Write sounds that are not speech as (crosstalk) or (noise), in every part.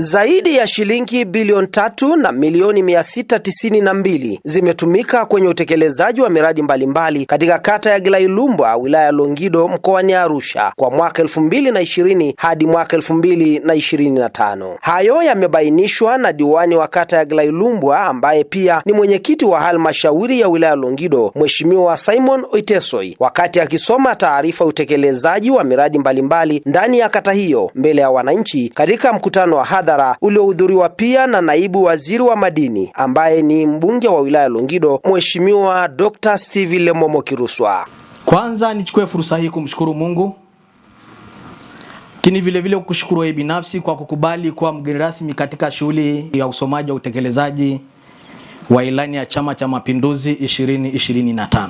Zaidi ya shilingi bilioni tatu na milioni mia sita tisini na mbili zimetumika kwenye utekelezaji wa miradi mbalimbali katika kata ya Gilailumbwa wilaya ya Longido mkoani Arusha kwa mwaka elfu mbili na ishirini hadi mwaka elfu mbili na ishirini na tano. Hayo yamebainishwa na diwani wa kata ya Gilailumbwa ambaye pia ni mwenyekiti wa halmashauri ya wilaya ya Longido Mheshimiwa Simon Oitesoi wakati akisoma taarifa ya utekelezaji wa miradi mbalimbali ndani ya kata hiyo mbele ya wananchi katika mkutano wa hadha hadhara uliohudhuriwa pia na naibu waziri wa madini ambaye ni mbunge wa wilaya Longido, Mheshimiwa Dr. Steve Lemomo Kiruswa. Kwanza nichukue fursa hii kumshukuru Mungu, lakini vilevile kushukuru wewe binafsi kwa kukubali kuwa mgeni rasmi katika shughuli ya usomaji wa utekelezaji wa ilani ya Chama cha Mapinduzi 2025.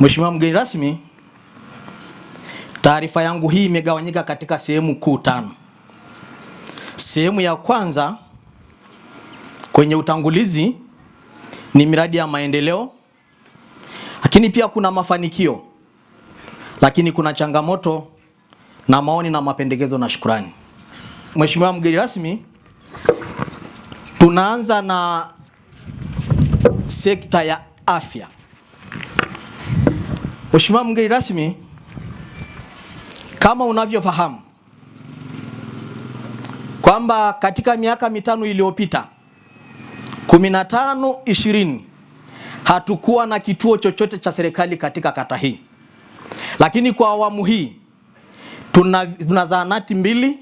Mheshimiwa mgeni rasmi, Taarifa yangu hii imegawanyika katika sehemu kuu tano. Sehemu ya kwanza kwenye utangulizi ni miradi ya maendeleo, lakini pia kuna mafanikio, lakini kuna changamoto na maoni na mapendekezo na shukrani. Mheshimiwa mgeni rasmi, tunaanza na sekta ya afya. Mheshimiwa mgeni rasmi kama unavyofahamu kwamba katika miaka mitano iliyopita 15 20 hatukuwa na kituo chochote cha serikali katika kata hii, lakini kwa awamu hii tuna, tuna zahanati mbili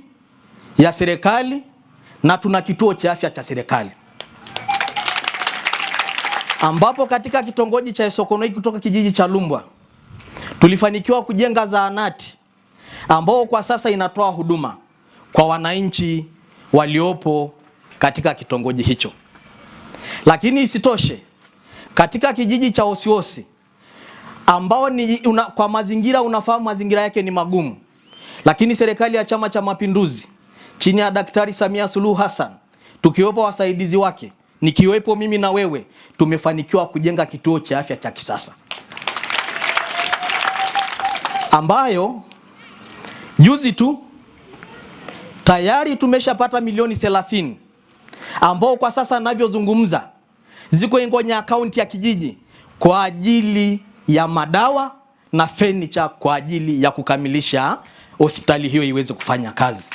ya serikali na tuna kituo cha afya cha serikali ambapo katika kitongoji cha Sokonoi kutoka kijiji cha Lumbwa tulifanikiwa kujenga zahanati ambao kwa sasa inatoa huduma kwa wananchi waliopo katika kitongoji hicho. Lakini isitoshe katika kijiji cha Osiosi ambao ni una, kwa mazingira unafahamu mazingira yake ni magumu, lakini serikali ya Chama cha Mapinduzi chini ya Daktari Samia Suluhu Hassan tukiwepo wasaidizi wake nikiwepo mimi na wewe tumefanikiwa kujenga kituo cha afya cha kisasa ambayo Juzi tu tayari tumeshapata milioni 30 ambao kwa sasa ninavyozungumza ziko Ingonya akaunti ya kijiji kwa ajili ya madawa na fenicha kwa ajili ya kukamilisha hospitali hiyo iweze kufanya kazi.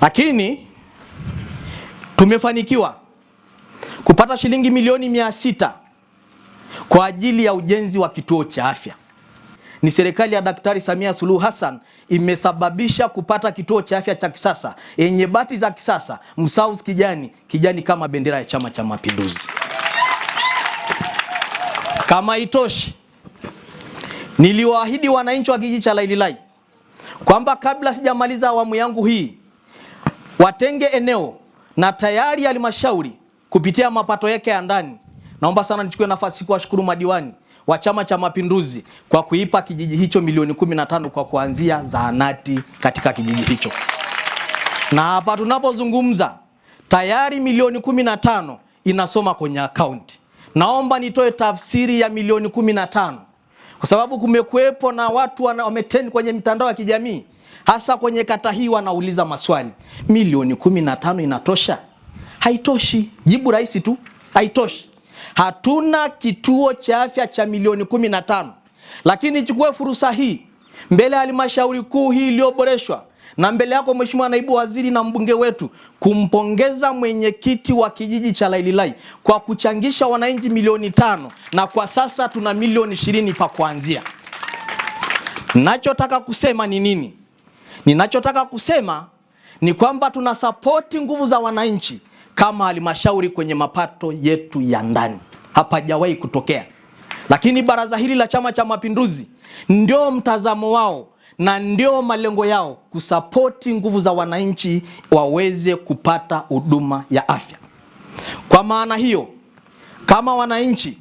Lakini tumefanikiwa kupata shilingi milioni mia sita kwa ajili ya ujenzi wa kituo cha afya ni serikali ya Daktari Samia Suluhu Hassan imesababisha kupata kituo cha afya cha kisasa yenye bati za kisasa, msaus kijani kijani kama bendera ya Chama cha Mapinduzi. Kama itoshi, niliwaahidi wananchi wa kijiji cha Laililai kwamba kabla sijamaliza awamu yangu hii watenge eneo, na tayari halmashauri kupitia mapato yake ya ndani. Naomba sana nichukue nafasi kuwashukuru madiwani wa Chama cha Mapinduzi kwa kuipa kijiji hicho milioni 15 kwa kuanzia zahanati katika kijiji hicho. Na hapa tunapozungumza tayari milioni 15 inasoma kwenye akaunti. Naomba nitoe tafsiri ya milioni 15 kwa sababu kumekuwepo na watu wametendi kwenye mitandao ya kijamii hasa kwenye kata hii wanauliza maswali, milioni 15 inatosha? Haitoshi. Jibu rahisi tu, haitoshi. Hatuna kituo cha afya cha milioni 15, lakini nichukue fursa hii mbele ya halmashauri kuu hii iliyoboreshwa na mbele yako Mheshimiwa naibu waziri na mbunge wetu kumpongeza mwenyekiti wa kijiji cha Laililai kwa kuchangisha wananchi milioni tano na kwa sasa tuna milioni ishirini pa kuanzia. Nachotaka kusema ni nini? Ninachotaka kusema ni kwamba tuna sapoti nguvu za wananchi kama halmashauri kwenye mapato yetu ya ndani hapajawahi kutokea, lakini baraza hili la Chama cha Mapinduzi ndio mtazamo wao na ndio malengo yao kusapoti nguvu za wananchi waweze kupata huduma ya afya. Kwa maana hiyo, kama wananchi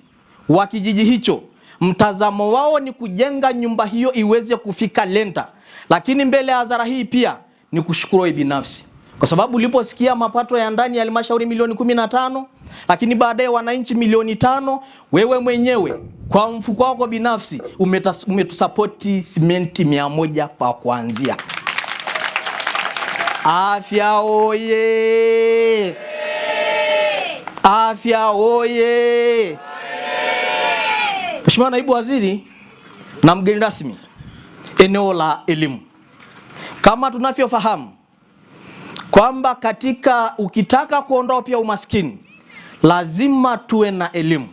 wa kijiji hicho mtazamo wao ni kujenga nyumba hiyo iweze kufika Lenta, lakini mbele ya hadhara hii pia ni kushukuru binafsi kwa sababu uliposikia mapato ya ndani ya halmashauri milioni 15, lakini baadaye wananchi milioni tano, wewe mwenyewe kwa mfuko wako binafsi umetusapoti simenti mia moja pa kuanzia. Afya oye! Afya oye! Mheshimiwa Naibu Waziri na mgeni rasmi, eneo la elimu, kama tunavyofahamu kwamba katika ukitaka kuondoa pia umaskini lazima tuwe na elimu,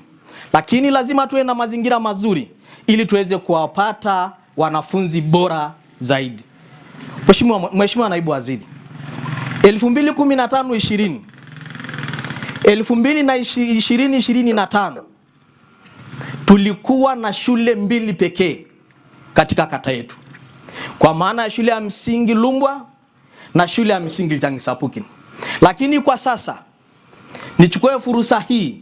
lakini lazima tuwe na mazingira mazuri ili tuweze kuwapata wanafunzi bora zaidi. Mheshimiwa, Mheshimiwa Naibu Waziri, 2015 2020 2025 tulikuwa na shule mbili pekee katika kata yetu, kwa maana ya shule ya msingi Lumbwa na shule ya msingi Litangisapuki. Lakini kwa sasa nichukue fursa hii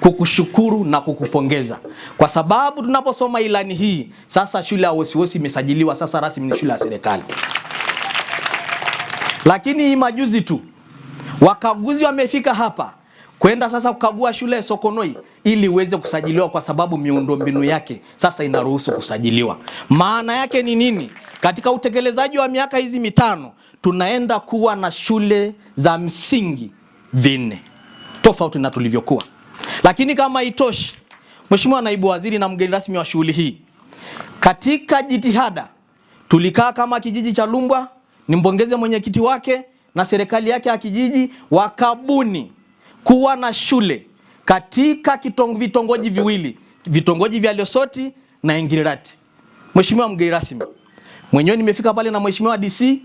kukushukuru na kukupongeza kwa sababu tunaposoma ilani hii sasa, shule ya Wesiwesi imesajiliwa sasa rasmi ni shule ya serikali. Lakini majuzi tu wakaguzi wamefika hapa kwenda sasa kukagua shule ya Sokonoi ili iweze kusajiliwa kwa sababu miundombinu yake sasa inaruhusu kusajiliwa. Maana yake ni nini? Katika utekelezaji wa miaka hizi mitano tunaenda kuwa na shule za msingi vinne tofauti na tulivyokuwa. Lakini kama itoshi, Mheshimiwa Naibu Waziri na mgeni rasmi wa shughuli hii, katika jitihada tulikaa kama kijiji cha Lumbwa, nimpongeze mwenyekiti wake na serikali yake ya kijiji, wakabuni kuwa na shule katika kitong, vitongoji viwili, vitongoji vya Lesoti na Ingirati. Mheshimiwa mgeni rasmi, mwenyewe nimefika pale na Mheshimiwa DC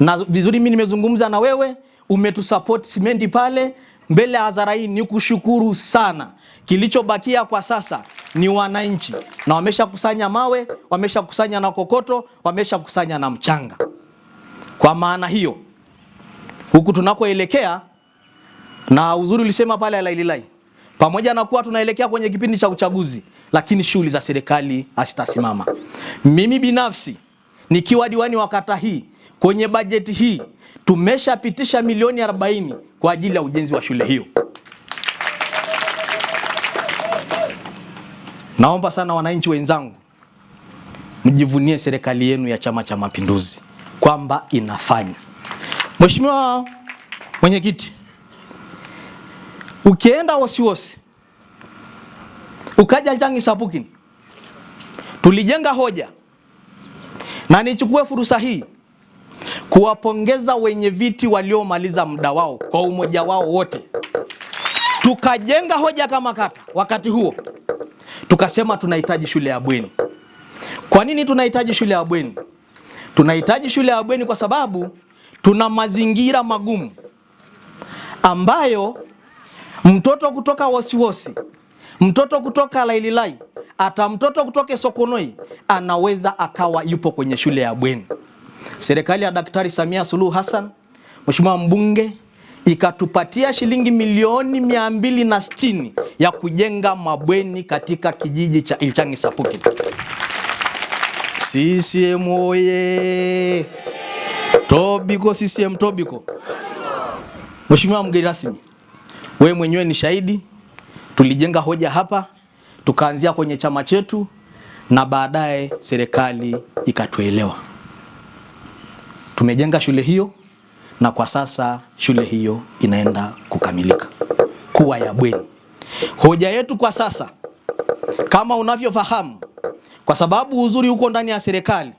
na vizuri. Mimi nimezungumza na wewe, umetusupport Simendi pale mbele ya hadhara hii, ni kushukuru sana. Kilichobakia kwa sasa ni wananchi, na wameshakusanya mawe, wameshakusanya na kokoto, wameshakusanya na mchanga. Kwa maana hiyo, huku tunakoelekea, na uzuri ulisema pale alaililai pamoja na kuwa tunaelekea kwenye kipindi cha uchaguzi, lakini shughuli za serikali hazitasimama. Mimi binafsi nikiwa diwani wa kata hii Kwenye bajeti hii tumeshapitisha milioni 40 kwa ajili ya ujenzi wa shule hiyo. Naomba sana wananchi wenzangu, mjivunie serikali yenu ya Chama cha Mapinduzi kwamba inafanya. Mheshimiwa Mwenyekiti, ukienda wasiwasi ukaja Changi Sapukin, tulijenga hoja, na nichukue fursa hii kuwapongeza wenye viti waliomaliza muda wao kwa umoja wao wote. Tukajenga hoja kama kata wakati huo, tukasema tunahitaji shule ya bweni. Kwa nini tunahitaji shule ya bweni? Tunahitaji shule ya bweni kwa sababu tuna mazingira magumu ambayo mtoto kutoka Wasiwasi, mtoto kutoka Laililai, hata mtoto kutoka Sokonoi anaweza akawa yupo kwenye shule ya bweni serikali ya Daktari Samia Suluhu Hassan, Mheshimiwa mbunge, ikatupatia shilingi milioni mia mbili na sitini ya kujenga mabweni katika kijiji cha Ilchangi Sapuki. CCM oye! Tobiko CCM tobiko! Mheshimiwa mgeni rasmi, wewe mwenyewe ni shahidi, tulijenga hoja hapa, tukaanzia kwenye chama chetu na baadaye serikali ikatuelewa. Tumejenga shule hiyo na kwa sasa shule hiyo inaenda kukamilika kuwa ya bweni. Hoja yetu kwa sasa kama unavyofahamu, kwa sababu uzuri uko ndani ya serikali,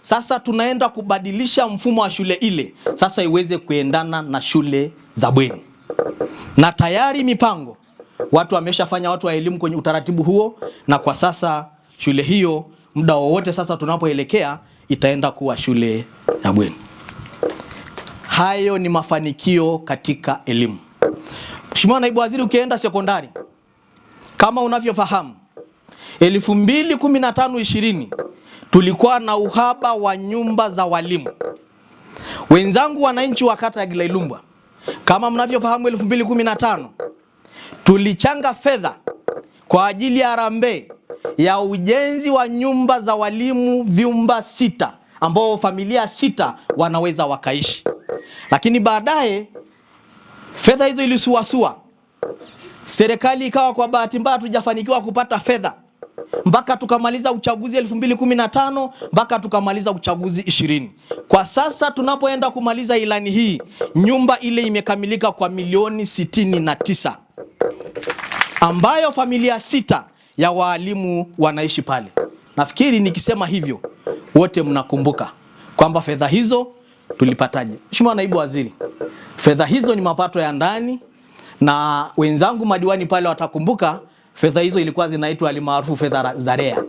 sasa tunaenda kubadilisha mfumo wa shule ile sasa iweze kuendana na shule za bweni, na tayari mipango watu wameshafanya watu wa elimu kwenye utaratibu huo, na kwa sasa shule hiyo muda wowote sasa tunapoelekea itaenda kuwa shule ya bweni. Hayo ni mafanikio katika elimu. Mheshimiwa Naibu Waziri, ukienda sekondari kama unavyofahamu 2015 20 tulikuwa na uhaba wa nyumba za walimu. Wenzangu wananchi wa kata ya Kilailumbwa, kama mnavyofahamu 2015 tulichanga fedha kwa ajili ya harambee ya ujenzi wa nyumba za walimu vyumba sita, ambao familia sita wanaweza wakaishi. Lakini baadaye fedha hizo ilisuasua, serikali ikawa kwa bahati mbaya tujafanikiwa kupata fedha mpaka tukamaliza uchaguzi 2015 mpaka tukamaliza uchaguzi 20. Kwa sasa tunapoenda kumaliza ilani hii, nyumba ile imekamilika kwa milioni 69, ambayo familia sita ya waalimu wanaishi pale. Nafikiri nikisema hivyo wote mnakumbuka kwamba fedha hizo tulipataje? Mheshimiwa Naibu Waziri, fedha hizo ni mapato ya ndani na wenzangu madiwani pale watakumbuka fedha hizo ilikuwa zinaitwa alimaarufu fedha za REA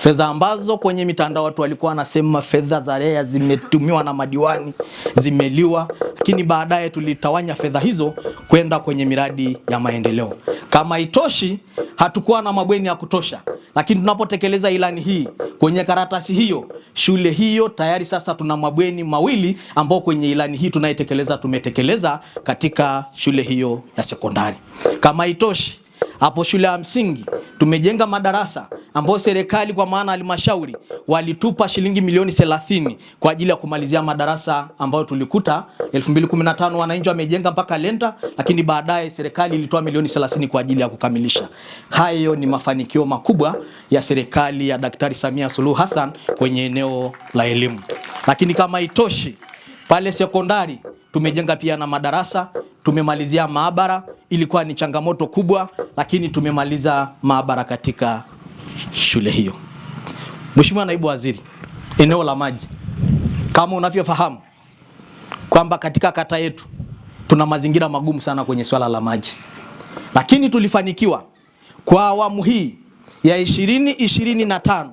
fedha ambazo kwenye mitandao watu walikuwa wanasema fedha za REA zimetumiwa na madiwani, zimeliwa, lakini baadaye tulitawanya fedha hizo kwenda kwenye miradi ya maendeleo. Kama itoshi, hatukuwa na mabweni ya kutosha, lakini tunapotekeleza ilani hii kwenye karatasi hiyo, shule hiyo tayari sasa tuna mabweni mawili ambao kwenye ilani hii tunayetekeleza tumetekeleza katika shule hiyo ya sekondari. Kama itoshi hapo shule ya msingi tumejenga madarasa ambayo serikali kwa maana halmashauri walitupa shilingi milioni 30 kwa ajili ya kumalizia madarasa ambayo tulikuta 2015 wananchi wamejenga mpaka lenta, lakini baadaye serikali ilitoa milioni 30 kwa ajili ya kukamilisha. Hayo ni mafanikio makubwa ya serikali ya Daktari Samia Suluhu Hassan kwenye eneo la elimu. Lakini kama itoshi, pale sekondari tumejenga pia na madarasa, tumemalizia maabara ilikuwa ni changamoto kubwa, lakini tumemaliza maabara katika shule hiyo. Mheshimiwa Naibu Waziri, eneo la maji kama unavyofahamu kwamba katika kata yetu tuna mazingira magumu sana kwenye swala la maji, lakini tulifanikiwa kwa awamu hii ya 2025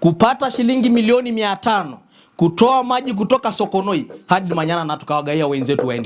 kupata shilingi milioni mia tano kutoa maji kutoka Sokonoi hadi Manyana na tukawagaia wenzetu wa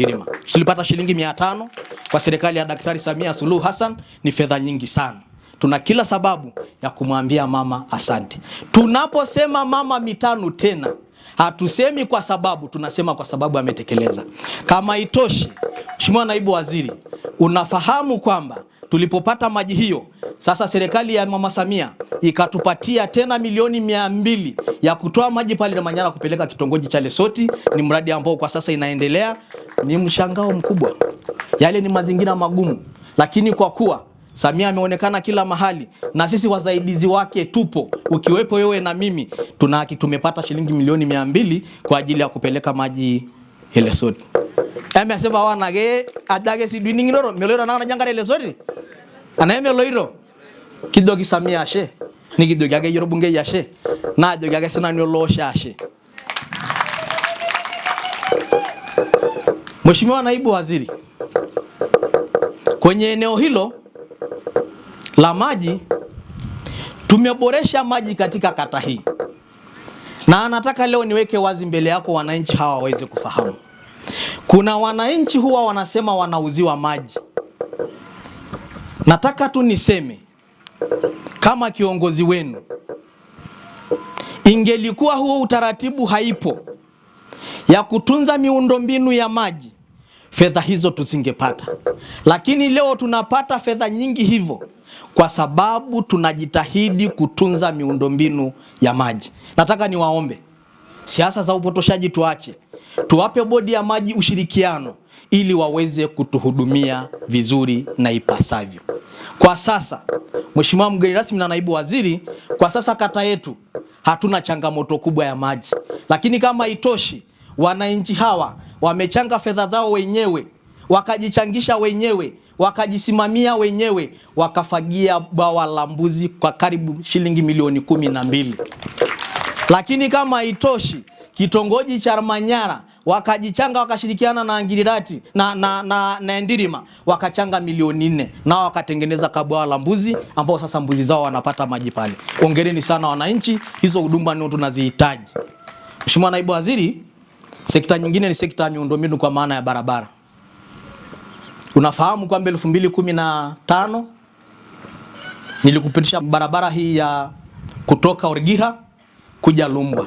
Tulipata shilingi 500 kwa serikali ya Daktari Samia Suluhu Hassan, ni fedha nyingi sana. Tuna kila sababu ya kumwambia mama asante. Tunaposema mama mitano tena, hatusemi kwa sababu, tunasema kwa sababu ametekeleza. Kama itoshi, Mheshimiwa Naibu Waziri, unafahamu kwamba tulipopata maji hiyo, sasa serikali ya Mama Samia ikatupatia tena milioni mia mbili ya kutoa maji pale na Manyara kupeleka kitongoji cha Lesoti. Ni mradi ambao kwa sasa inaendelea. Ni mshangao mkubwa, yale ni mazingira magumu, lakini kwa kuwa Samia ameonekana kila mahali na sisi wasaidizi wake tupo, ukiwepo wewe na mimi, tunahaki tumepata shilingi milioni mia mbili kwa ajili ya kupeleka maji elesoti emesipa apa anake ajo ake sii duo ining'inoto meloito tenakata najo enkare elesoti enaa meloito kijoki Samia ashe nikijoki ake yie orbunkei ashe naajoki ake sinanu ele osho ashe Mheshimiwa naibu waziri, kwenye eneo hilo la maji tumeboresha maji katika kata hii. Na nataka leo niweke wazi mbele yako wananchi hawa waweze kufahamu. Kuna wananchi huwa wanasema wanauziwa maji. Nataka tu niseme kama kiongozi wenu, ingelikuwa huo utaratibu haipo ya kutunza miundombinu ya maji, fedha hizo tusingepata, lakini leo tunapata fedha nyingi hivyo kwa sababu tunajitahidi kutunza miundombinu ya maji. Nataka niwaombe, siasa za upotoshaji tuache, tuwape bodi ya maji ushirikiano ili waweze kutuhudumia vizuri na ipasavyo. Kwa sasa, Mheshimiwa mgeni rasmi na naibu waziri, kwa sasa kata yetu hatuna changamoto kubwa ya maji, lakini kama itoshi, wananchi hawa wamechanga fedha zao wenyewe wakajichangisha wenyewe wakajisimamia wenyewe, wakafagia bwawa la mbuzi kwa karibu shilingi milioni kumi na mbili. Lakini kama haitoshi, kitongoji cha Manyara wakajichanga wakashirikiana na Angirirati na, na, na, na Endirima wakachanga milioni nne nao wakatengeneza kabwawa la mbuzi ambao sasa mbuzi zao wanapata maji pale. ongereni sana wananchi, hizo huduma ndio tunazihitaji. Mheshimiwa Naibu Waziri, sekta nyingine ni sekta ya miundombinu kwa maana ya barabara. Unafahamu kwamba tano nilikupitisha barabara hii ya kutoka Origira kuja Lumbwa.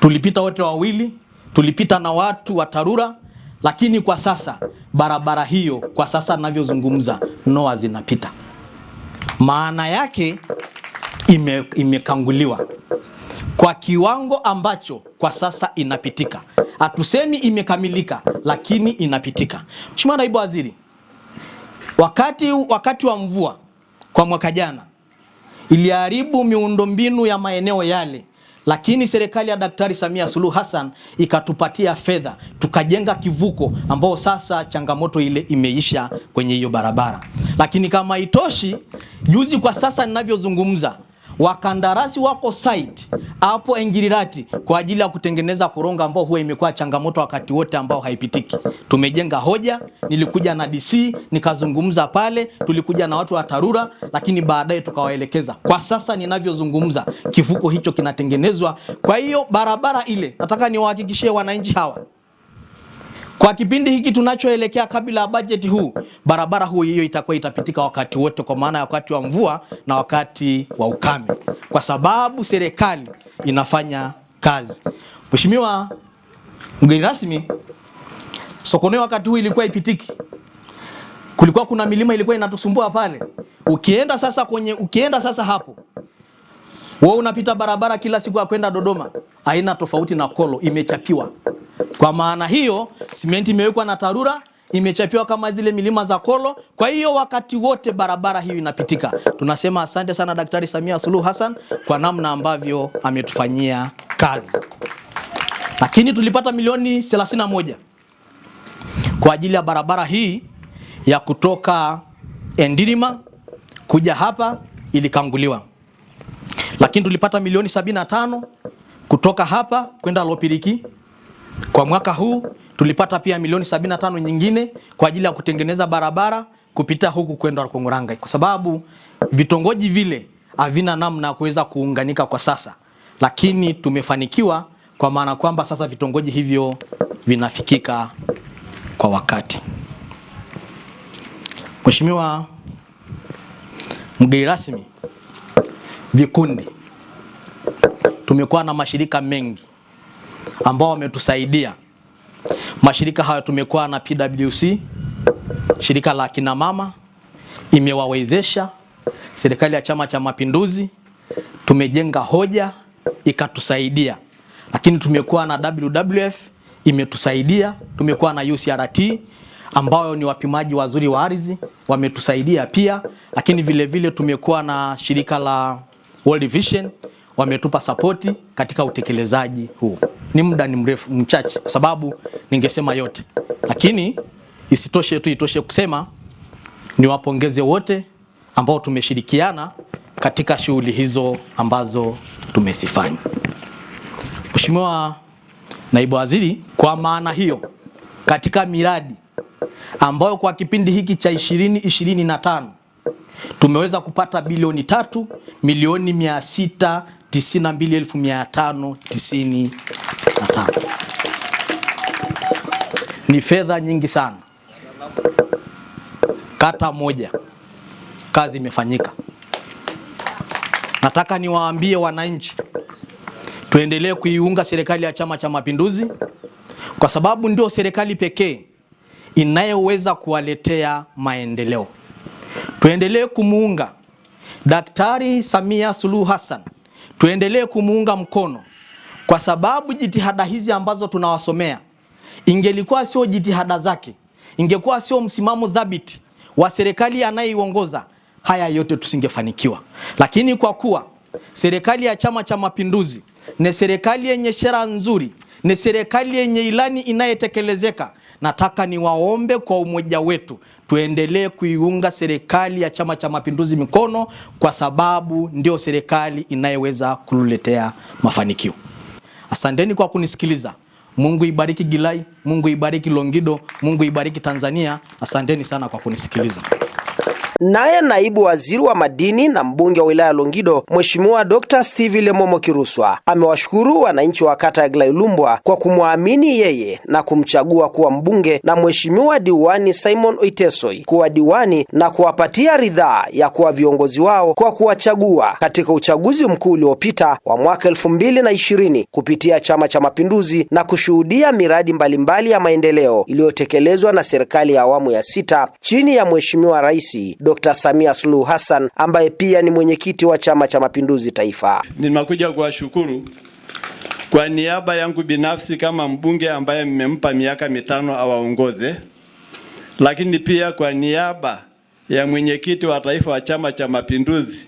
Tulipita wote wawili, tulipita na watu wa Tarura, lakini kwa sasa barabara hiyo kwa sasa ninavyozungumza noa zinapita. Maana yake ime, imekanguliwa kwa kiwango ambacho kwa sasa inapitika. Hatusemi imekamilika, lakini inapitika. Mheshimiwa Naibu Waziri, wakati, wakati wa mvua kwa mwaka jana iliharibu miundombinu ya maeneo yale, lakini serikali ya Daktari Samia Suluhu Hassan ikatupatia fedha tukajenga kivuko, ambao sasa changamoto ile imeisha kwenye hiyo barabara. Lakini kama itoshi, juzi kwa sasa ninavyozungumza wakandarasi wako site hapo engirirati kwa ajili ya kutengeneza koronga ambao huwa imekuwa changamoto wakati wote ambao haipitiki. Tumejenga hoja, nilikuja na DC nikazungumza pale, tulikuja na watu wa Tarura, lakini baadaye tukawaelekeza. Kwa sasa ninavyozungumza, kivuko hicho kinatengenezwa. Kwa hiyo barabara ile, nataka niwahakikishie wananchi hawa kwa kipindi hiki tunachoelekea kabla ya bajeti huu, (laughs) barabara huu hiyo itakuwa itapitika wakati wote, kwa maana ya wakati wa mvua na wakati wa ukame, kwa sababu serikali inafanya kazi. Mheshimiwa mgeni rasmi, Sokoine wakati huu ilikuwa ipitiki, kulikuwa kuna milima ilikuwa inatusumbua pale. Ukienda sasa kwenye, ukienda sasa hapo wewe unapita barabara kila siku ya kwenda Dodoma, haina tofauti na kolo, imechapiwa. Kwa maana hiyo simenti imewekwa na TARURA imechapiwa kama zile milima za kolo. Kwa hiyo wakati wote barabara hiyo inapitika. Tunasema asante sana Daktari Samia Suluhu Hassan kwa namna ambavyo ametufanyia kazi. Lakini tulipata milioni 31 kwa ajili ya barabara hii ya kutoka Endirima kuja hapa ilikanguliwa lakini tulipata milioni 75 kutoka hapa kwenda Lopiriki. Kwa mwaka huu tulipata pia milioni 75 nyingine kwa ajili ya kutengeneza barabara kupita huku kwenda Kongoranga, kwa sababu vitongoji vile havina namna ya kuweza kuunganika kwa sasa, lakini tumefanikiwa kwa maana kwamba sasa vitongoji hivyo vinafikika kwa wakati. Mheshimiwa mgeni rasmi, vikundi Tumekuwa na mashirika mengi ambao wametusaidia. Mashirika hayo tumekuwa na PWC, shirika la kina mama imewawezesha. Serikali ya Chama cha Mapinduzi tumejenga hoja ikatusaidia, lakini tumekuwa na WWF imetusaidia. Tumekuwa na UCRT ambao ni wapimaji wazuri wa ardhi wametusaidia pia, lakini vilevile tumekuwa na shirika la World Vision wametupa sapoti katika utekelezaji huu. Ni muda ni mrefu mchache, kwa sababu ningesema yote, lakini isitoshe tu itoshe kusema niwapongeze wote ambao tumeshirikiana katika shughuli hizo ambazo tumesifanya. Mheshimiwa Naibu Waziri, kwa maana hiyo katika miradi ambayo kwa kipindi hiki cha 2025 tumeweza kupata bilioni tatu milioni mia sita 92595 ni fedha nyingi sana. Kata moja kazi imefanyika. Nataka niwaambie wananchi, tuendelee kuiunga serikali ya Chama cha Mapinduzi kwa sababu ndio serikali pekee inayoweza kuwaletea maendeleo. Tuendelee kumuunga Daktari Samia Suluhu Hassan tuendelee kumuunga mkono, kwa sababu jitihada hizi ambazo tunawasomea, ingelikuwa sio jitihada zake, ingekuwa sio msimamo dhabiti wa serikali anayeiongoza, haya yote tusingefanikiwa. Lakini kwa kuwa serikali ya Chama cha Mapinduzi ni serikali yenye sera nzuri, ni serikali yenye ilani inayetekelezeka nataka niwaombe kwa umoja wetu tuendelee kuiunga serikali ya Chama cha Mapinduzi mikono, kwa sababu ndio serikali inayeweza kululetea mafanikio. Asanteni kwa kunisikiliza. Mungu ibariki Gilai, Mungu ibariki Longido, Mungu ibariki Tanzania. Asanteni sana kwa kunisikiliza. Naye naibu waziri wa madini na mbunge wa wilaya ya Longido, Mheshimiwa Dr. Steve Lemomo Kiruswa amewashukuru wananchi wa kata ya Glailumbwa kwa kumwamini yeye na kumchagua kuwa mbunge na Mheshimiwa diwani Simon Oitesoi kuwa diwani na kuwapatia ridhaa ya kuwa viongozi wao kwa kuwachagua katika uchaguzi mkuu uliopita wa mwaka elfu mbili na ishirini kupitia Chama cha Mapinduzi na kushuhudia miradi mbalimbali mbali ya maendeleo iliyotekelezwa na serikali ya awamu ya sita chini ya Mheshimiwa Rais Dr. Samia Suluhu Hassan ambaye pia ni mwenyekiti wa Chama cha Mapinduzi Taifa. ninakuja kuwashukuru kwa niaba yangu binafsi kama mbunge ambaye mmempa miaka mitano awaongoze, lakini pia kwa niaba ya mwenyekiti wa taifa wa Chama cha Mapinduzi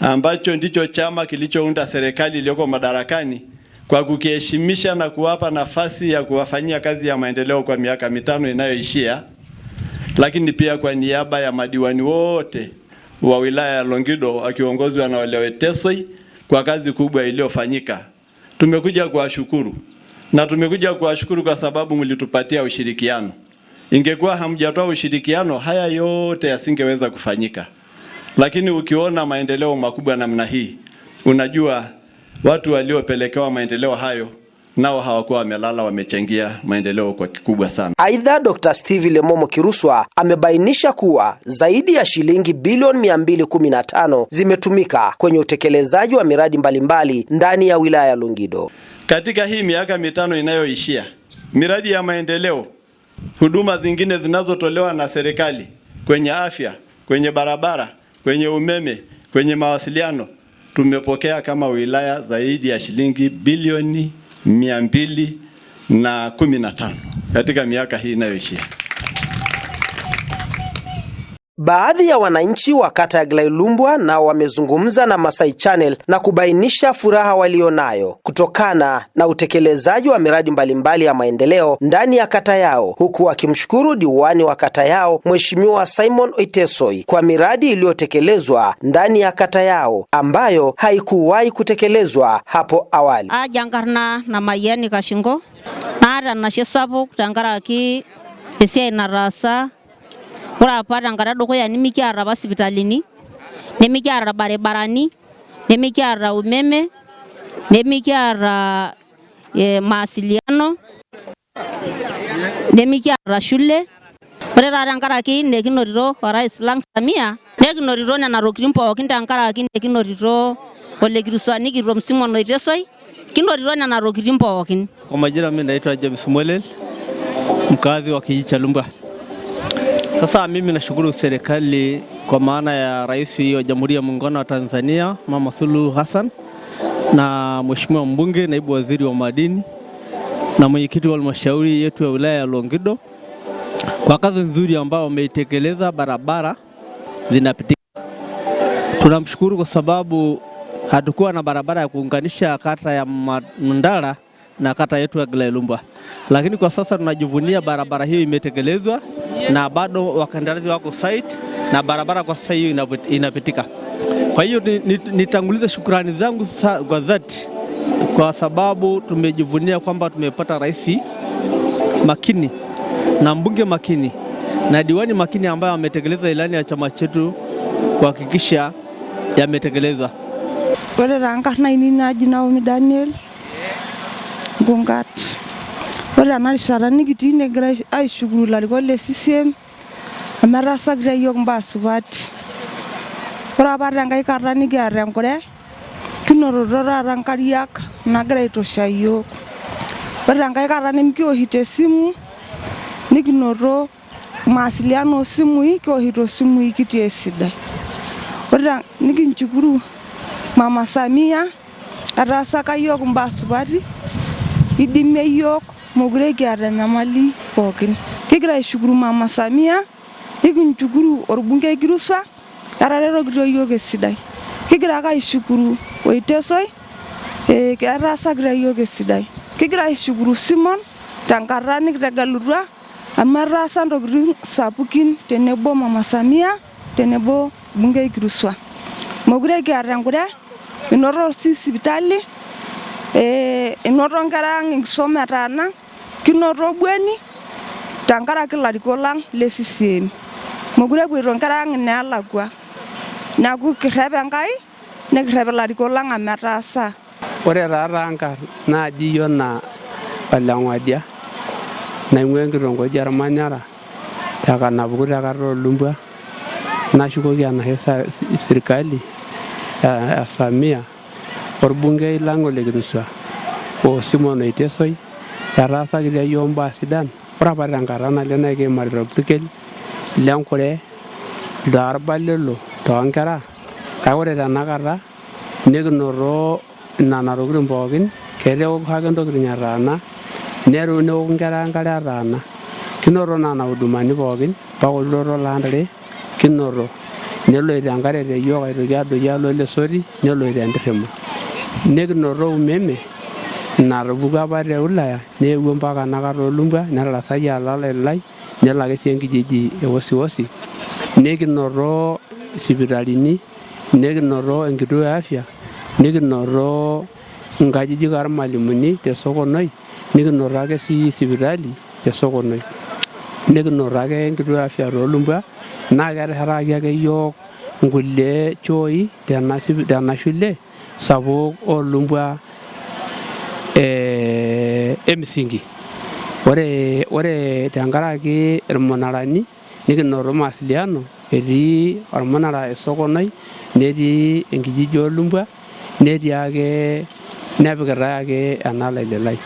ambacho ndicho chama kilichounda serikali iliyoko madarakani kwa kukiheshimisha na kuwapa nafasi ya kuwafanyia kazi ya maendeleo kwa miaka mitano inayoishia lakini pia kwa niaba ya madiwani wote wa wilaya ya Longido akiongozwa na Wetesoi kwa kazi kubwa iliyofanyika. Tumekuja kuwashukuru na tumekuja kuwashukuru kwa sababu mlitupatia ushirikiano. Ingekuwa hamjatoa ushirikiano, haya yote yasingeweza kufanyika. Lakini ukiona maendeleo makubwa namna hii, unajua watu waliopelekewa maendeleo hayo nao hawakuwa wamelala, wamechangia maendeleo kwa kikubwa sana. Aidha, Dr. Steve Lemomo Kiruswa amebainisha kuwa zaidi ya shilingi bilioni 215 zimetumika kwenye utekelezaji wa miradi mbalimbali ndani ya wilaya ya Longido. Katika hii miaka mitano inayoishia, miradi ya maendeleo, huduma zingine zinazotolewa na serikali kwenye afya, kwenye barabara, kwenye umeme, kwenye mawasiliano, tumepokea kama wilaya zaidi ya shilingi bilioni mia mbili na kumi na tano katika miaka hii inayoishia. Baadhi ya wananchi wa kata ya Glailumbwa nao wamezungumza na Masai Channel na kubainisha furaha walionayo kutokana na utekelezaji wa miradi mbalimbali ya maendeleo ndani ya kata yao, huku wakimshukuru diwani wa kata yao Mheshimiwa Simon Oitesoi kwa miradi iliyotekelezwa ndani ya kata yao ambayo haikuwahi kutekelezwa hapo awali. ajangarna ah, na mayeni kashingo naata nashe sapuk tenkaraki esiai nataasa Ore apa tenkata edukuya nimikiata apa sipitalini, nimikiata irbaribarani, nimikiata umeme, nimikiata e, mawasiliano, nemikiata shule. Ore taata tenkaraki nekinotito orais lang Samia, nekinotito nena tokitin pookin tenkaraki nekinotito olekirusani Simon Oitesoi, kinotito nena tokitin pookin. Kwa majina mimi naitwa James molel mkazi wa kijiji cha Lumbwa. Sasa mimi nashukuru serikali kwa maana ya Rais wa Jamhuri ya Muungano wa Tanzania Mama Suluhu Hassan na Mheshimiwa mbunge, naibu waziri wa madini na mwenyekiti wa halmashauri yetu ya wilaya ya Longido kwa kazi nzuri ambayo wameitekeleza, barabara zinapitika. Tunamshukuru kwa sababu hatukuwa na barabara ya kuunganisha kata ya Mandara na kata yetu ya Gilailumba, lakini kwa sasa tunajivunia barabara hiyo imetekelezwa na bado wakandarasi wako site na barabara kwa sasa hiyo inapitika. Kwa hiyo nitangulize shukrani zangu kwa dhati, kwa sababu tumejivunia kwamba tumepata rais makini na mbunge makini na diwani makini ambayo ametekeleza ilani ya chama chetu kuhakikisha yametekelezwa. Ore taa nkarna ainei naaji Naomi Daniel ngungati Ore tenarishata nikitii nekigira aishukuru ilarikok le CCM amu etaasakita iyiook imbaa supati. Ore apa tenkae kata nikiata enkure kinotito taata nkariak naagira aitosha iyiook. Ore tenkae kata nemikiwoshito esimu nikinoto mawasiliano oosimui kiwoshito isimui kitii esidai. Ore nikinshukuru mama Samia etaasaka iyiook imbaa supati, idimie iyiook mokure kiata enyamali pookin. Kigira aishukuru Mama Samia nikinshukuru orbungei Kiruswa etaretokito yiok esidai. Kigira ake aishukuru Oitesoi ee eh, etaasakita yiok esidai. Kigira aishukuru Simon tenkata nikitegelutua amu etaasa ntokitin sapukin tenebo Mama Samia tenebo bunge Kiruswa. Mokure kiata enkure, enoto e sii sipitali, ee eh, nkera ang' etaana. kinotobuoni tankaraki larikol ong lesisieni mokur epuoiro nkeraa ng'inaelakwa nekukirepe nkae nikirepe larikolong' ametaasa kore raataankar naaji iyo na oleng'adia naing'uae nkironkoj ar manyara takanapukurirakarroo lumbua nachukokia nakesirikali e samia or bunkei lang'olikinuswa o simon eitesoi erasakiria iyog mboa sidan ore pae naraaleakmariropirikellengkule loarbalelo toa nkerakakureranakara nekinoro nanarkirimpookikeeakintokirinaa eraaetna kinoro nanaudumanipookipakoliorolanarekinoro neloria kare ikaikidoilolsori neloeria itemo nekinoroumeme narupuk apateulaya neewombakanaka toolumba nelasaalalailai nelakese ngijji e wosiosi nikinoro sipitalini nikinoro ngituo e afia nikinoro ngajijikarmalimuni te sokonoi nikinoro ake si sipitali te sokonoi nikinoro ake nituafia e toolumba nakeeraakiake iyook ngule chooi tanachule sauk o lumba emisingi kore tiangaraki erimunarani nikinoru masiliano eri arumonara esokonoi neti e ngiji jolumbwa neriake nibikira yake analailelai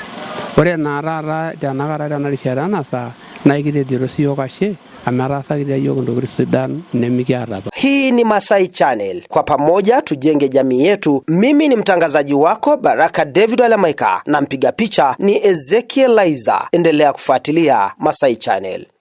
kore enatata tanakara tanalicaranasa naikire ejirosiyongkace ametaasakita yiok ntokitin sidan nemikiata apa. Hii ni Masai Channel, kwa pamoja tujenge jamii yetu. Mimi ni mtangazaji wako Baraka David Alamaika na mpiga picha ni Ezekiel Laiza. Endelea kufuatilia Masai Channel.